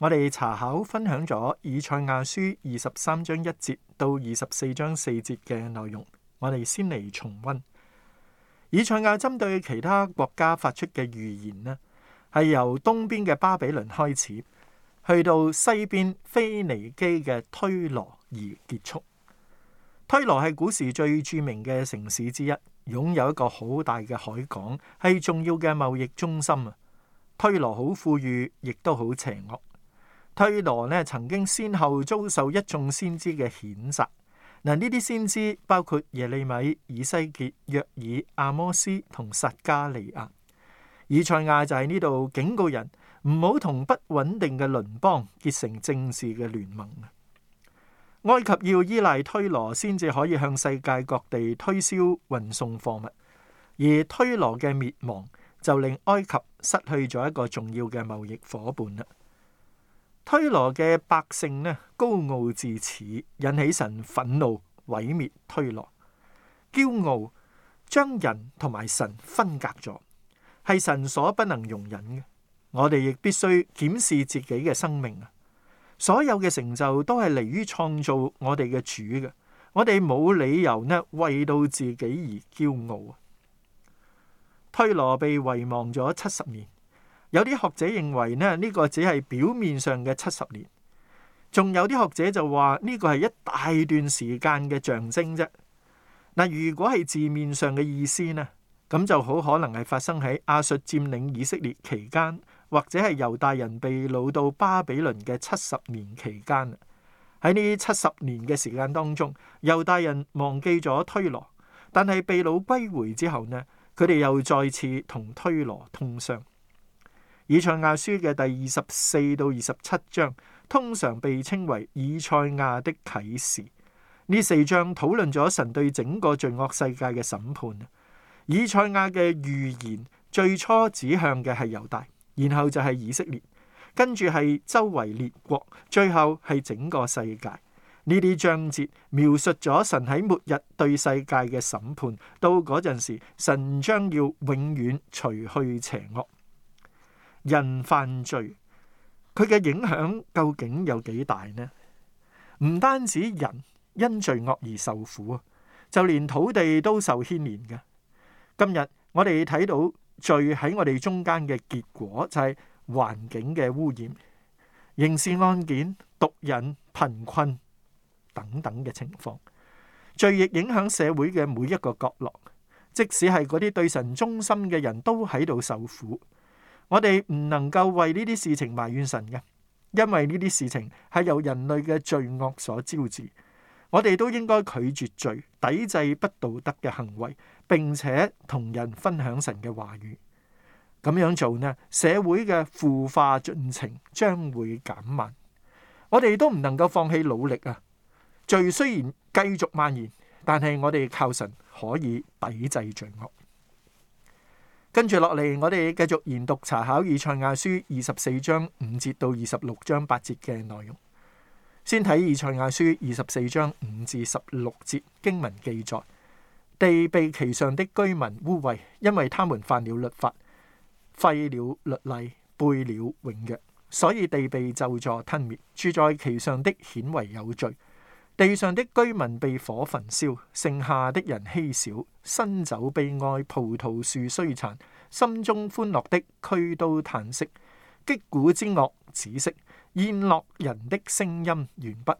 我哋查考分享咗以賽亞書二十三章一節到二十四章四節嘅內容。我哋先嚟重温以賽亞針對其他國家發出嘅預言，呢係由東邊嘅巴比倫開始，去到西邊腓尼基嘅推羅而結束。推羅係古時最著名嘅城市之一，擁有一個好大嘅海港，係重要嘅貿易中心啊。推羅好富裕，亦都好邪惡。推羅咧，曾經先後遭受一眾先知嘅譴責，嗱，呢啲先知包括耶利米、以西結、約爾、阿摩斯同撒加利亞。以賽亞就喺呢度警告人唔好同不穩定嘅鄰邦結成政治嘅聯盟。埃及要依賴推羅先至可以向世界各地推銷運送貨物，而推羅嘅滅亡就令埃及失去咗一個重要嘅貿易伙伴啦。推羅嘅百姓呢，高傲至此，引起神憤怒，毀滅推羅。驕傲將人同埋神分隔咗，係神所不能容忍嘅。我哋亦必須檢視自己嘅生命啊！所有嘅成就都係嚟於創造我哋嘅主嘅，我哋冇理由呢，為到自己而驕傲啊！推羅被遺忘咗七十年。有啲學者認為咧，呢個只係表面上嘅七十年；仲有啲學者就話呢個係一大段時間嘅象徵啫。嗱，如果係字面上嘅意思呢，咁就好可能係發生喺亞述佔領以色列期間，或者係猶大人被擄到巴比倫嘅七十年期間。喺呢七十年嘅時間當中，猶大人忘記咗推羅，但係被擄歸回，回之後呢，佢哋又再次同推羅通商。以賽亞書嘅第二十四到二十七章，通常被稱為以賽亞的啟示。呢四章討論咗神對整個罪惡世界嘅審判。以賽亞嘅預言最初指向嘅係猶大，然後就係以色列，跟住係周圍列國，最後係整個世界。呢啲章節描述咗神喺末日對世界嘅審判。到嗰陣時，神將要永遠除去邪惡。人犯罪，佢嘅影響究竟有幾大呢？唔單止人因罪惡而受苦啊，就連土地都受牽連嘅。今日我哋睇到罪喺我哋中間嘅結果，就係環境嘅污染、刑事案件、毒癮、貧困等等嘅情況。罪亦影響社會嘅每一個角落，即使係嗰啲對神忠心嘅人都喺度受苦。我哋唔能夠為呢啲事情埋怨神嘅，因為呢啲事情係由人類嘅罪惡所招致。我哋都應該拒絕罪，抵制不道德嘅行為，並且同人分享神嘅話語。咁樣做呢，社會嘅腐化進程將會減慢。我哋都唔能夠放棄努力啊！罪雖然繼續蔓延，但係我哋靠神可以抵制罪惡。跟住落嚟，我哋繼續研讀查考以賽亞書二十四章五節到二十六章八節嘅內容。先睇以賽亞書二十四章五至十六節經文記載：地被其上的居民污穢，因為他們犯了律法，廢了律例，背了永約，所以地被咒詛吞滅，住在其上的顯為有罪。地上的居民被火焚燒，剩下的人稀少。新酒悲哀，葡萄樹衰殘，心中歡樂的驅刀嘆息，擊鼓之樂止息，宴樂人的聲音完畢，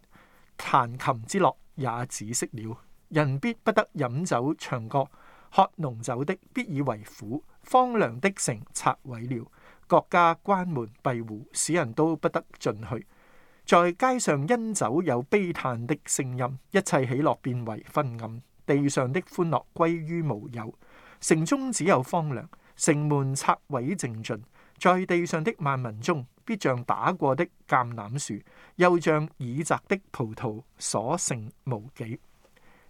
彈琴之樂也止息了。人必不得飲酒唱歌，喝濃酒的必以為苦。荒涼的城拆毀了，各家關門閉戶，使人都不得進去。在街上，因酒有悲嘆的聲音，一切喜樂變為昏暗，地上的歡樂歸於無有。城中只有荒涼，城門拆毀淨盡，在地上的萬民中，必像打過的橄欖樹，又像已摘的葡萄，所剩無幾。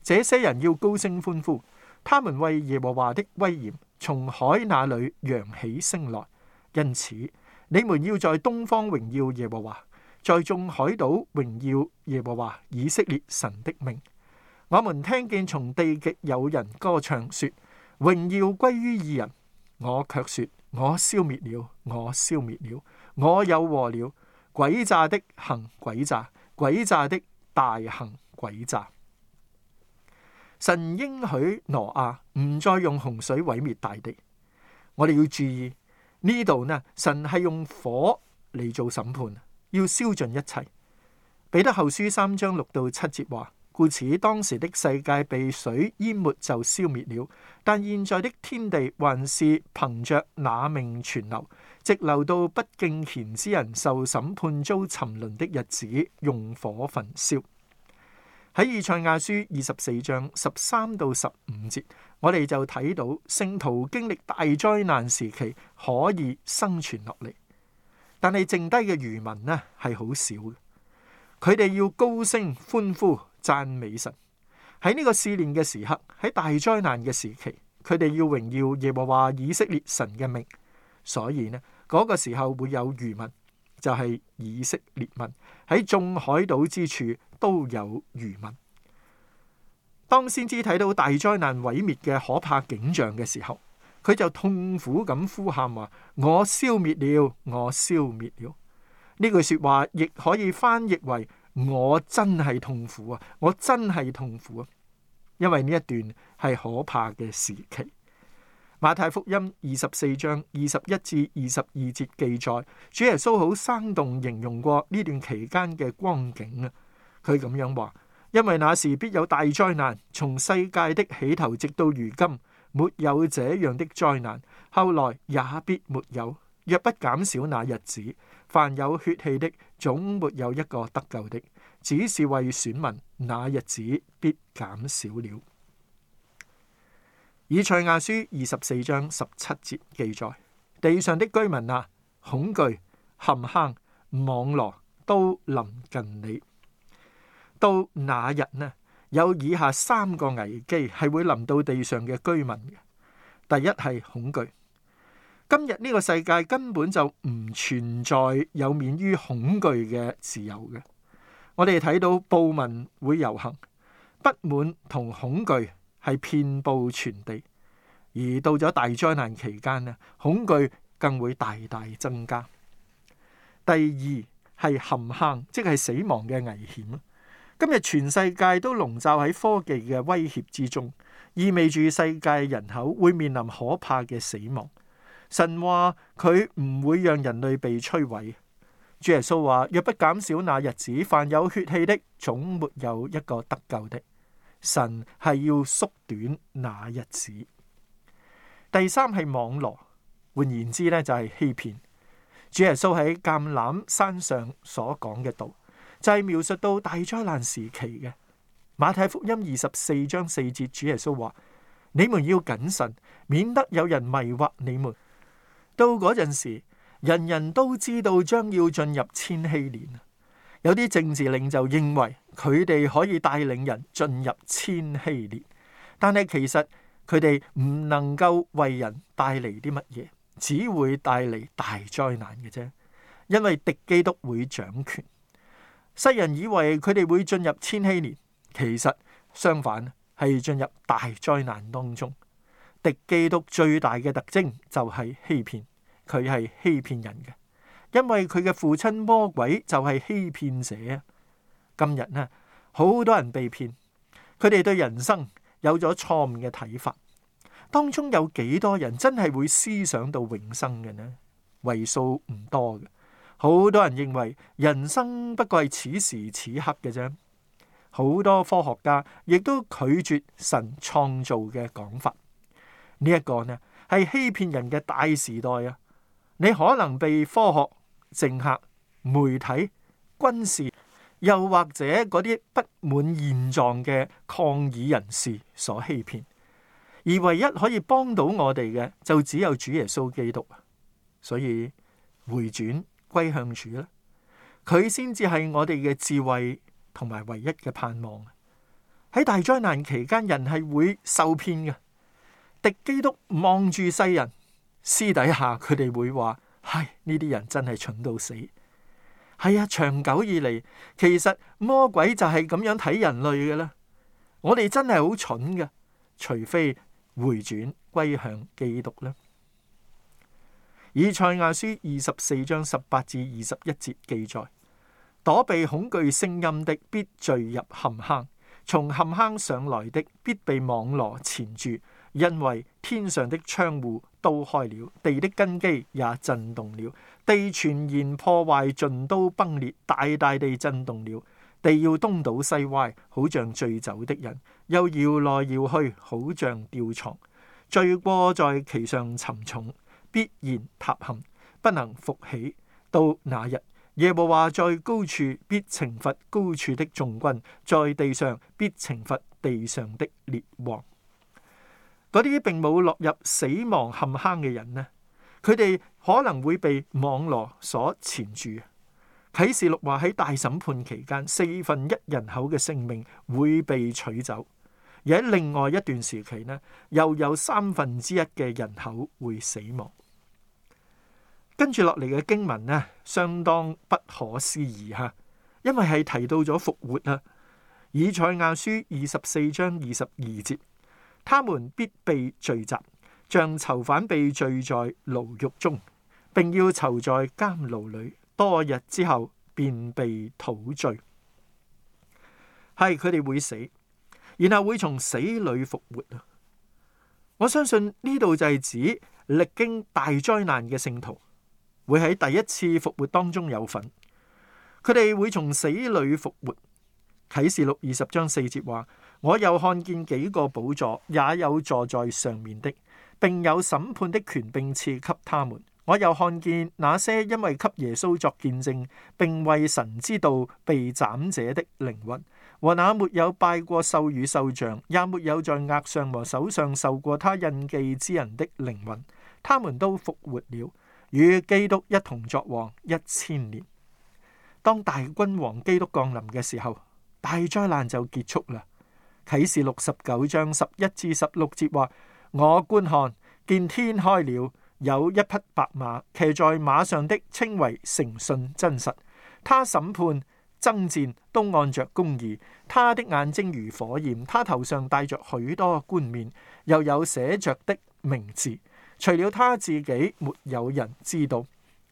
這些人要高聲歡呼，他們為耶和華的威嚴從海那裏揚起聲來。因此，你們要在東方榮耀耶和華。在眾海島榮耀耶和華以色列神的名。我們聽見從地極有人歌唱說，說榮耀歸於義人。我卻說，我消滅了，我消滅了，我有禍了。詭詐的行詭詐，詭詐的大行詭詐。神應許挪亞唔再用洪水毀滅大地。我哋要注意呢度呢，神係用火嚟做審判要燒盡一切。彼得後書三章六到七節話，故此當時的世界被水淹沒就消滅了，但現在的天地還是憑着那命存留，直流到不敬虔之人受審判遭沉淪的日子，用火焚燒。喺以賽亞書二十四章十三到十五節，我哋就睇到聖徒經歷大災難時期可以生存落嚟。但係剩低嘅餘民呢係，好少嘅，佢哋要高聲歡呼讚美神。喺呢個試煉嘅時刻，喺大災難嘅時期，佢哋要榮耀耶和華以色列神嘅名。所以呢，嗰個時候會有餘民，就係以色列民喺眾海島之處都有餘民。當先知睇到大災難毀滅嘅可怕景象嘅時候，佢就痛苦咁呼喊話：我消滅了，我消滅了。呢句說話亦可以翻譯為：我真係痛苦啊！我真係痛苦啊！因為呢一段係可怕嘅時期。馬太福音二十四章二十一至二十二節記載，主耶穌好生動形容過呢段期間嘅光景啊！佢咁樣話：因為那時必有大災難，從世界的起頭直到如今。沒有這樣的災難，後來也必沒有。若不減少那日子，凡有血氣的總沒有一個得救的。只是為選民，那日子必減少了。以賽亞書二十四章十七節記載：地上的居民啊，恐懼、陷坑、網羅都臨近你。到那日呢？有以下三個危機係會臨到地上嘅居民，第一係恐懼，今日呢個世界根本就唔存在有免於恐懼嘅自由嘅。我哋睇到暴民會遊行，不滿同恐懼係遍佈全地，而到咗大災難期間咧，恐懼更會大大增加。第二係陷坑，即係死亡嘅危險。今日全世界都籠罩喺科技嘅威脅之中，意味住世界人口會面臨可怕嘅死亡。神話佢唔會讓人類被摧毀。主耶穌話：若不減少那日子，凡有血氣的，總沒有一個得救的。神係要縮短那日子。第三係網絡，換言之咧就係欺騙。主耶穌喺橄欖山上所講嘅道。就係描述到大災難時期嘅馬太福音二十四章四節，主耶穌話：你們要謹慎，免得有人迷惑你們。到嗰陣時，人人都知道將要進入千禧年。有啲政治領袖認為佢哋可以帶領人進入千禧年，但係其實佢哋唔能夠為人帶嚟啲乜嘢，只會帶嚟大災難嘅啫，因為敵基督會掌權。世人以為佢哋會進入千禧年，其實相反係進入大災難當中。敵基督最大嘅特徵就係欺騙，佢係欺騙人嘅，因為佢嘅父親魔鬼就係欺騙者。今日呢，好多人被騙，佢哋對人生有咗錯誤嘅睇法，當中有幾多人真係會思想到永生嘅呢？為數唔多嘅。好多人認為人生不過係此時此刻嘅啫。好多科學家亦都拒絕神創造嘅講法。呢、這、一個呢係欺騙人嘅大時代啊！你可能被科學、政客、媒體、軍事，又或者嗰啲不滿現狀嘅抗議人士所欺騙。而唯一可以幫到我哋嘅就只有主耶穌基督。所以回轉。歸向主咧，佢先至係我哋嘅智慧同埋唯一嘅盼望。喺大災難期間，人係會受騙嘅。敵基督望住世人，私底下佢哋會話：唉，呢啲人真係蠢到死。係啊，長久以嚟，其實魔鬼就係咁樣睇人類嘅啦。我哋真係好蠢嘅，除非回轉歸向基督咧。以賽亞書二十四章十八至二十一節記載：躲避恐懼聲音的必墜入陷坑，從陷坑上來的必被網羅纏住，因為天上的窗戶都開了，地的根基也震動了，地全然破壞盡都崩裂，大大地震動了，地要東倒西歪，好像醉酒的人，又搖來搖去，好像吊床，罪過在其上沉重。必然塌陷，不能復起。到那日，耶和華在高處必懲罰高處的眾軍，在地上必懲罰地上的列王。嗰啲並冇落入死亡陷坑嘅人呢？佢哋可能會被網羅所纏住。啟示錄話喺大審判期間，四分一人口嘅性命會被取走。而喺另外一段時期呢，又有三分之一嘅人口會死亡。跟住落嚟嘅經文呢，相當不可思議嚇，因為係提到咗復活啦。以賽亞書二十四章二十二節，他們必被聚集，像囚犯被聚在牢獄中，並要囚在監牢裏多日之後，便被討罪。係佢哋會死。然後會從死裏復活啊！我相信呢度就係指歷經大災難嘅聖徒，會喺第一次復活當中有份。佢哋會從死裏復活。啟示錄二十章四節話：我又看見幾個寶座，也有坐在上面的，並有審判的權，並賜給他們。我又看見那些因為給耶穌作見證，並為神之道被斬者的靈魂，和那沒有拜過獸與獸像，也沒有在額上和手上受過他印記之人的靈魂，他們都復活了，與基督一同作王一千年。當大君王基督降臨嘅時候，大災難就結束啦。啟示錄十九章十一至十六節話：我觀看，見天開了。有一匹白馬，騎在馬上的稱為誠信真實。他審判爭戰都按着公義。他的眼睛如火焰，他頭上戴着許多冠冕，又有寫着的名字。除了他自己，沒有人知道。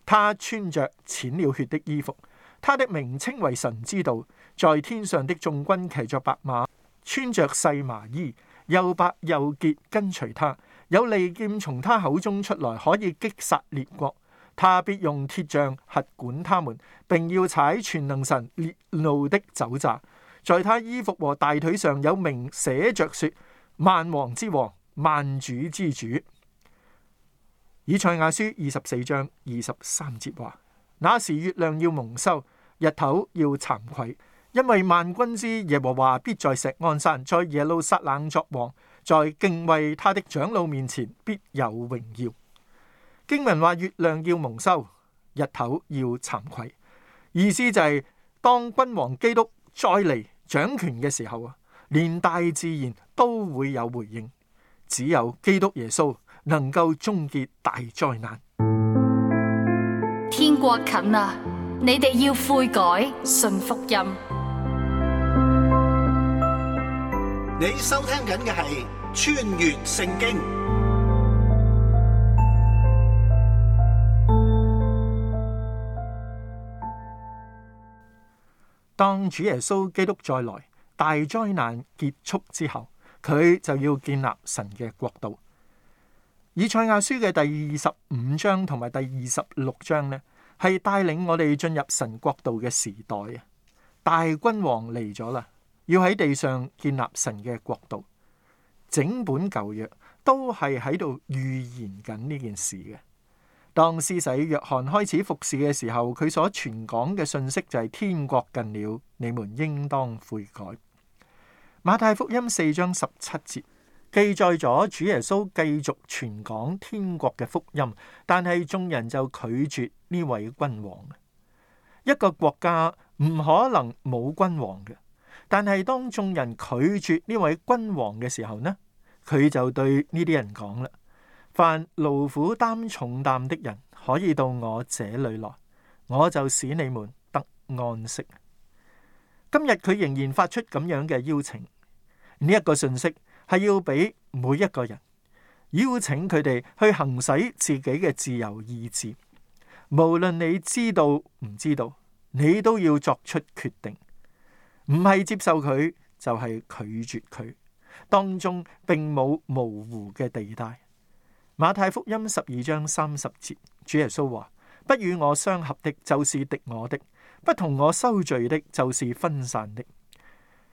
他穿着濺了血的衣服。他的名稱為神之道。在天上的眾軍騎着白馬，穿着細麻衣，又白又潔，跟隨他。有利劍從他口中出來，可以擊殺列國。他必用鐵杖轄管他們，並要踩全能神烈怒的酒榨。在他衣服和大腿上有名寫着說：萬王之王，萬主之主。以賽亞書二十四章二十三節話：那時月亮要蒙羞，日頭要慚愧，因為萬軍之耶和華必在錫安山，在耶路撒冷作王。在敬畏他的長老面前，必有榮耀。經文話月亮要蒙羞，日頭要慚愧，意思就係當君王基督再嚟掌權嘅時候啊，連大自然都會有回應。只有基督耶穌能夠終結大災難。天國近啊，你哋要悔改，信福音。你收聽緊嘅係。穿越聖經，當主耶穌基督再來，大災難結束之後，佢就要建立神嘅國度。以賽亞書嘅第二十五章同埋第二十六章呢，係帶領我哋進入神國度嘅時代啊！大君王嚟咗啦，要喺地上建立神嘅國度。整本舊約都係喺度預言緊呢件事嘅。當施洗約翰開始服侍嘅時候，佢所傳講嘅信息就係、是、天國近了，你們應當悔改。馬太福音四章十七節記載咗主耶穌繼續傳講天國嘅福音，但係眾人就拒絕呢位君王。一個國家唔可能冇君王嘅。但係當眾人拒絕呢位君王嘅時候呢，佢就對呢啲人講啦：凡勞苦擔重擔的人，可以到我這裏來，我就使你們得安息。今日佢仍然發出咁樣嘅邀請，呢一個信息係要俾每一個人邀請佢哋去行使自己嘅自由意志，無論你知道唔知道，你都要作出決定。唔係接受佢，就係、是、拒絕佢，當中並冇模糊嘅地帶。馬太福音十二章三十節，主耶穌話：不與我相合的，就是敵我的；不同我收聚的，就是分散的。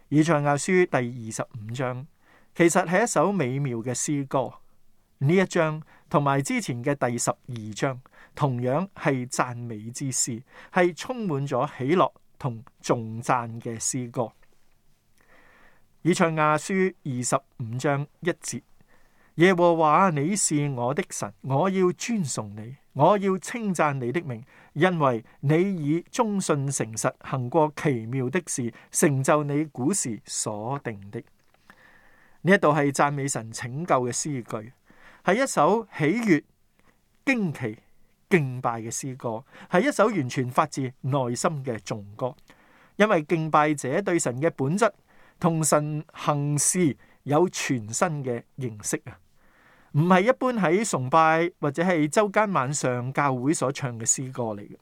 以賽亞書第二十五章，其實係一首美妙嘅詩歌。呢一章同埋之前嘅第十二章，同樣係讚美之詩，係充滿咗喜樂。同頌讚嘅詩歌，以賽亞書二十五章一節：耶和華你是我的神，我要尊崇你，我要稱讚你的名，因為你以忠信誠實行過奇妙的事，成就你古時所定的。呢一度係讚美神拯救嘅詩句，係一首喜悅、驚奇。敬拜嘅詩歌係一首完全發自內心嘅頌歌，因為敬拜者對神嘅本質同神行事有全新嘅認識啊，唔係一般喺崇拜或者係周間晚上教會所唱嘅詩歌嚟嘅。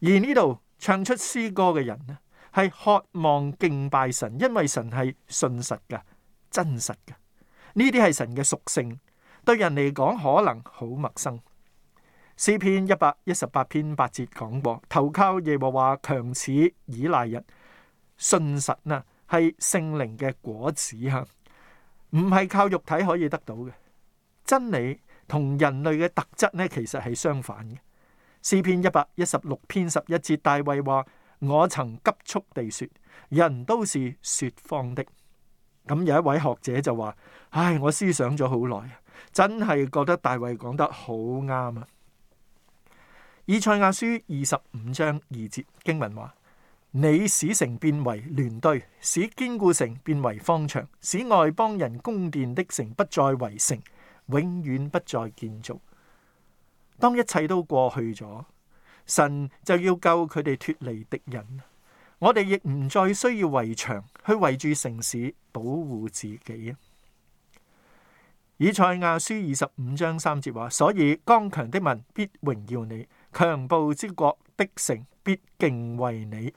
而呢度唱出詩歌嘅人呢，係渴望敬拜神，因為神係信實嘅、真實嘅。呢啲係神嘅屬性，對人嚟講可能好陌生。詩篇一百一十八篇八節講過，投靠耶和華，強似倚賴人。信實呢係聖靈嘅果子，吓唔係靠肉體可以得到嘅，真理，同人類嘅特質呢，其實係相反嘅。詩篇一百一十六篇十一節，大衛話：我曾急速地說，人都是說謊的。咁有一位學者就話：唉，我思想咗好耐，真係覺得大衛講得好啱啊！以賽亞書二十五章二節經文話：你使城變為亂堆，使堅固城變為荒場，使外邦人宮殿的城不再為城，永遠不再建造。當一切都過去咗，神就要救佢哋脫離敵人。我哋亦唔再需要圍牆去圍住城市保護自己。以賽亞書二十五章三節話：所以剛強的民必榮耀你。強暴之國的城必敬畏你，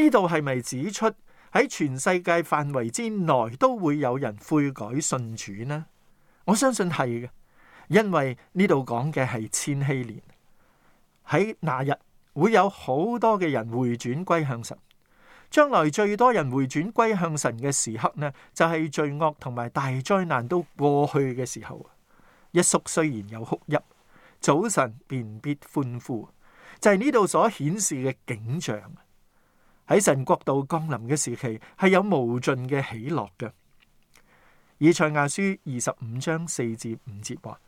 呢度係咪指出喺全世界範圍之內都會有人悔改信主呢？我相信係嘅，因為呢度講嘅係千禧年，喺那日會有好多嘅人回轉歸向神。將來最多人回轉歸向神嘅時刻呢，就係罪惡同埋大災難都過去嘅時候。一宿雖然有哭泣。早晨便必歡呼，就係呢度所顯示嘅景象。喺神國度降臨嘅時期，係有無盡嘅喜樂嘅。以賽亞書二十五章四至五節話：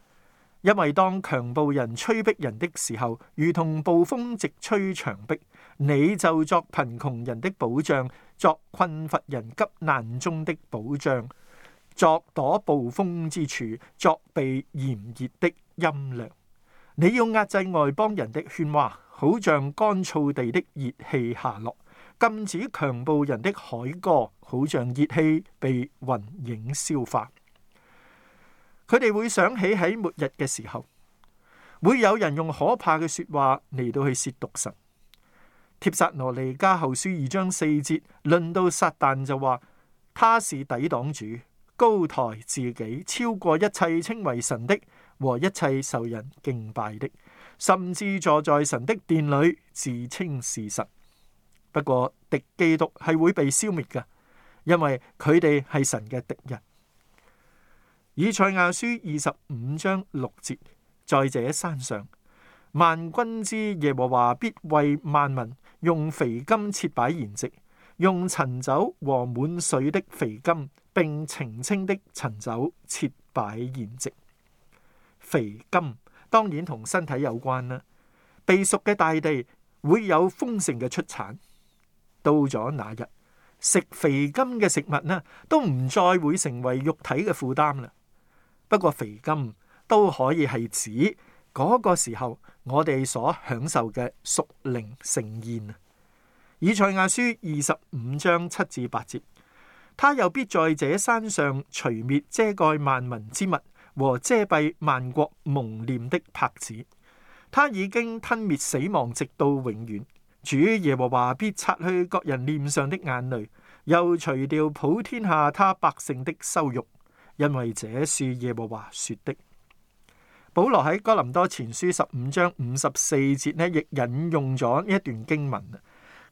因為當強暴人催逼人的時候，如同暴風直吹牆壁，你就作貧窮人的保障，作困乏人急難中的保障，作躲暴風之處，作避炎熱的陰涼。你要壓制外邦人的喧嘩，好像乾燥地的熱氣下落；禁止強暴人的海歌，好像熱氣被雲影消化。佢哋會想起喺末日嘅時候，會有人用可怕嘅說話嚟到去褻瀆神。帖撒羅尼加後書二章四節論到撒旦，就話，他是抵擋主、高抬自己、超過一切稱為神的。和一切受人敬拜的，甚至坐在神的殿裏自稱是神。不過，敵基督係會被消滅噶，因為佢哋係神嘅敵人。以賽亞書二十五章六節：在這山上，萬軍之耶和華必為萬民用肥甘設擺筵席，用陳酒和滿髓的肥甘，並澄清的陳酒設擺筵席。肥甘當然同身體有關啦，肥熟嘅大地會有豐盛嘅出產。到咗那日，食肥甘嘅食物呢，都唔再會成為肉體嘅負擔啦。不過肥甘都可以係指嗰、那個時候我哋所享受嘅屬靈盛宴。以賽亞書二十五章七至八節，他又必在這山上除滅遮蓋蓋萬民之物。和遮蔽萬國蒙臉的帕子，他已經吞滅死亡，直到永遠。主耶和華必擦去各人臉上的眼淚，又除掉普天下他百姓的羞辱，因為這是耶和華說的。保羅喺哥林多前書十五章五十四節呢，亦引用咗呢一段經文。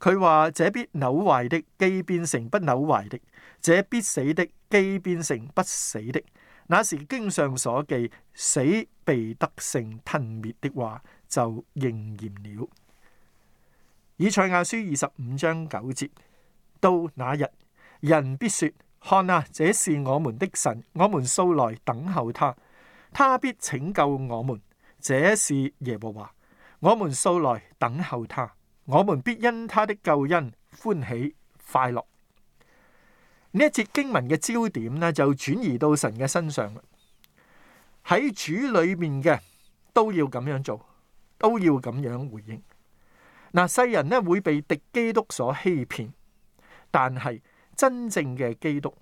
佢話：這必朽壞的，既變成不朽壞的；這必死的，既變成不死的。那時經上所記，死被得勝吞滅的話，就應驗了。以賽亞書二十五章九節：到那日，人必說：看啊，這是我們的神，我們素來等候他，他必拯救我們。這是耶和華，我們素來等候他，我們必因他的救恩歡喜快樂。呢一節經文嘅焦點呢，就轉移到神嘅身上。喺主裏面嘅都要咁樣做，都要咁樣回應。嗱，世人呢會被敵基督所欺騙，但係真正嘅基督、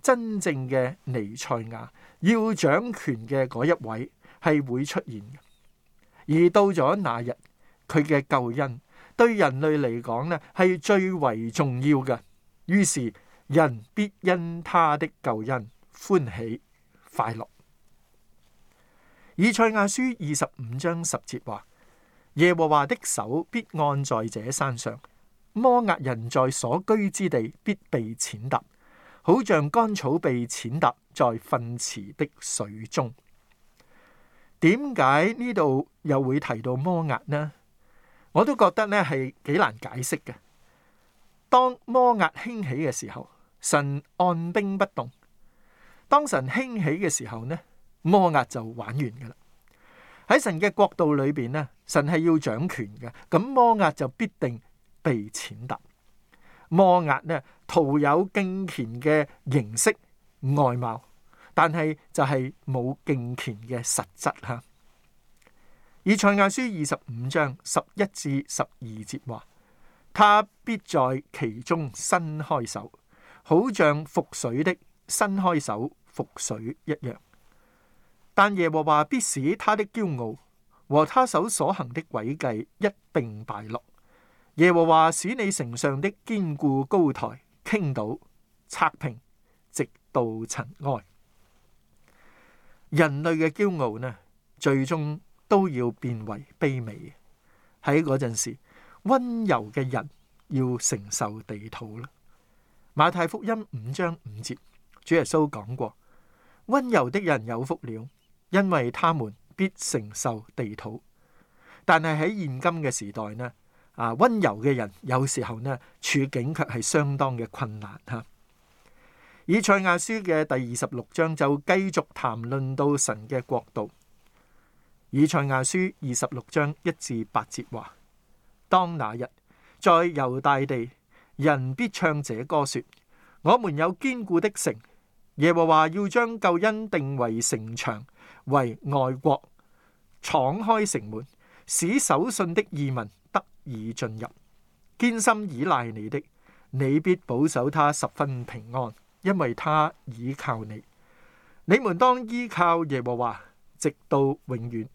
真正嘅彌賽亞要掌權嘅嗰一位係會出現嘅。而到咗那日，佢嘅救恩對人類嚟講呢，係最為重要嘅。於是。人必因他的救恩歡喜快樂。以賽亞書二十五章十節話：耶和華的手必按在這山上，摩押人在所居之地必被踐踏，好像乾草被踐踏在糞池的水中。點解呢度又會提到摩押呢？我都覺得呢係幾難解釋嘅。當摩押興起嘅時候。神按兵不動，當神興起嘅時候呢，摩押就玩完㗎喇。喺神嘅國度裏邊呢，神係要掌權嘅，咁摩押就必定被踐踏。摩押呢，徒有敬虔嘅形式外貌，但係就係冇敬虔嘅實質吓。以賽亞書二十五章十一至十二節話：他必在其中伸開手。好像覆水的伸開手覆水一樣，但耶和華必使他的驕傲和他手所行的詭計一併敗落。耶和華使你城上的堅固高台傾倒拆平，直到塵埃。人類嘅驕傲呢，最終都要變為卑微。喺嗰陣時，溫柔嘅人要承受地土啦。馬太福音五章五節，主耶穌講過：溫柔的人有福了，因為他們必承受地土。但係喺現今嘅時代呢，啊溫柔嘅人有時候呢處境卻係相當嘅困難吓。以賽亞書嘅第二十六章就繼續談論到神嘅國度。以賽亞書二十六章一至八節話：當那日，在猶大地。人必唱這歌說：我們有堅固的城，耶和華要將救恩定為城牆，為外國敞開城門，使守信的義民得以進入。堅心倚賴你的，你必保守他十分平安，因為他倚靠你。你們當依靠耶和華，直到永遠，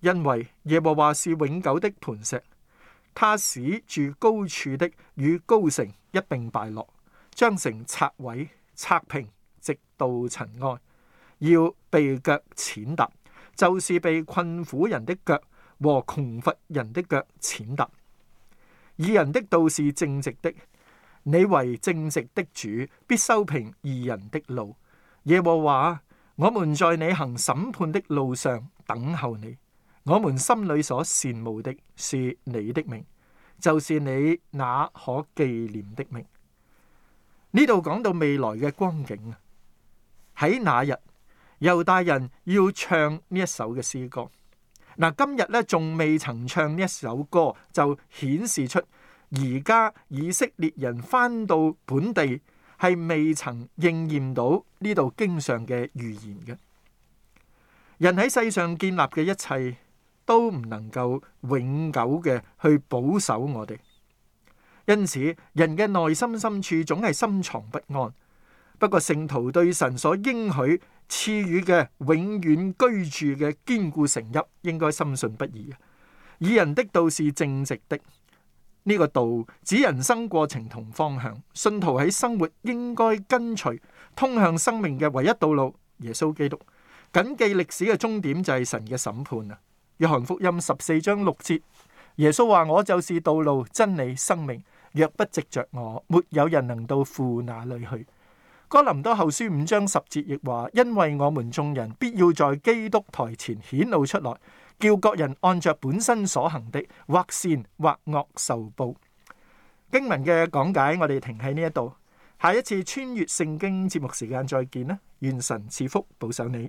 因為耶和華是永久的磐石。他使住高處的與高城一併敗落，將城拆毀拆平，直到塵埃。要被腳踐踏，就是被困苦人的腳和窮乏人的腳踐踏。義人的道是正直的，你為正直的主，必修平義人的路。耶和華，我們在你行審判的路上等候你。我們心裏所羨慕的是你的名，就是你那可紀念的名。呢度講到未來嘅光景啊，喺那日，猶大人要唱呢一首嘅詩歌。嗱，今日咧仲未曾唱呢一首歌，就顯示出而家以色列人翻到本地係未曾應驗到呢度經常嘅預言嘅。人喺世上建立嘅一切，都唔能夠永久嘅去保守我哋，因此人嘅內心深處總係深藏不安。不過，聖徒對神所應許賜予嘅永遠居住嘅堅固城邑，應該深信不疑。義人的道是正直的，呢個道指人生過程同方向，信徒喺生活應該跟隨通向生命嘅唯一道路耶穌基督。謹記歷史嘅終點就係神嘅審判啊！約翰福音十四章六節，耶穌話：我就是道路、真理、生命，若不藉着我，沒有人能到父那裏去。哥林多後書五章十節亦話：因為我們眾人必要在基督台前顯露出來，叫各人按着本身所行的，或善或惡受報。經文嘅講解，我哋停喺呢一度，下一次穿越聖經節目時間再見啦！願神賜福、保守你。